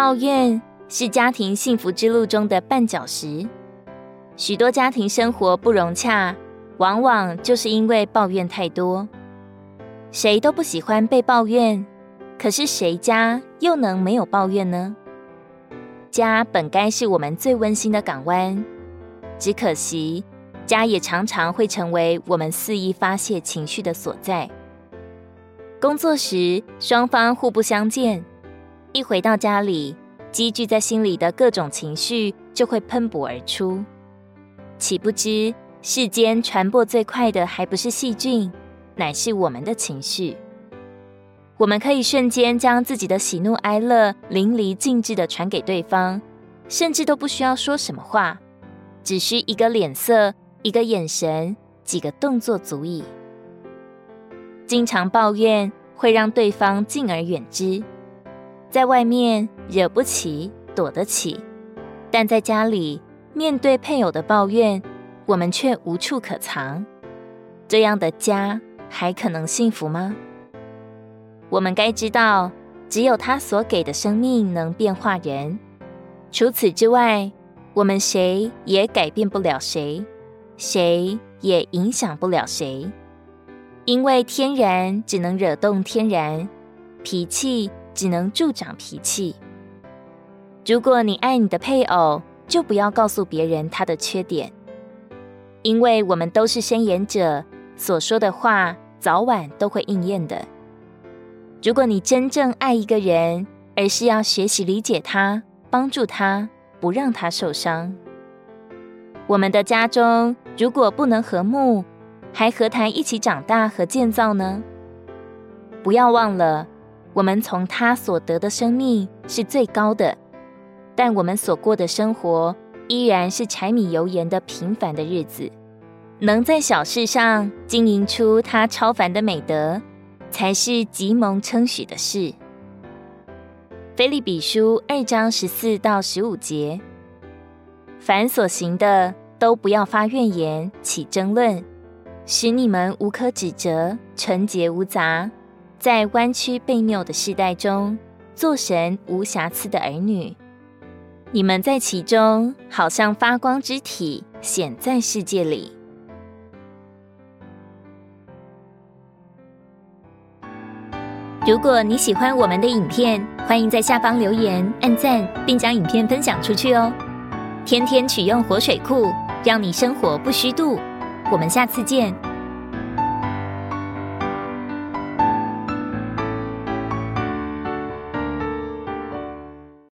抱怨是家庭幸福之路中的絆腳石。許多家庭生活不融洽，往往就是因為抱怨太多。誰都不喜歡被抱怨，可是誰家又能沒有抱怨呢？家本該是我們最溫馨的港灣，只可惜家也常常會成為我們肆意發洩情緒的所在。工作時，雙方互不相見。一回到家裡，積聚在心裡的各種情緒就會噴薄而出。豈不知世間傳播最快的，還不是細菌，乃是我們的情緒。我們可以瞬間將自己的喜怒哀樂淋漓盡致地傳給對方，甚至都不需要說什麼話，只需一個臉色、一個眼神、幾個動作足矣。經常抱怨會讓對方敬而遠之。在外面惹不起，躲得起；但在家裡面對配偶的抱怨，我們卻無處可藏。這樣的家還可能幸福嗎？我們該知道，只有他所給的生命能變化人。除此之外，我們誰也改變不了誰，誰也影響不了誰，因為天然只能惹動天然脾氣。只能助長脾氣。如果你愛你的配偶，就不要告訴別人他的缺點，因為我們都是宣言者，所說的話早晚都會應驗的。如果你真正愛一個人，而是要學習理解他、幫助他，不讓他受傷。我們的家中如果不能和睦，還何談一起長大和建造呢？不要忘了。我們從他所得的生命是最高的，但我們所過的生活依然是柴米油鹽的平凡的日子。能在小事上經營出他超凡的美德，才是極蒙稱許的事。腓立比書二章十四到十五節：凡所行的，都不要發怨言，起爭論，使你們無可指責，純潔無雜。在彎曲悖謬的世代中，做神無瑕疵的兒女，你們在其中好像發光之體顯在世界裡。如果你喜歡我們的影片，歡迎在下方留言、按讚，並將影片分享出去哦。天天取用活水庫，讓你生活不虛度。我們下次見。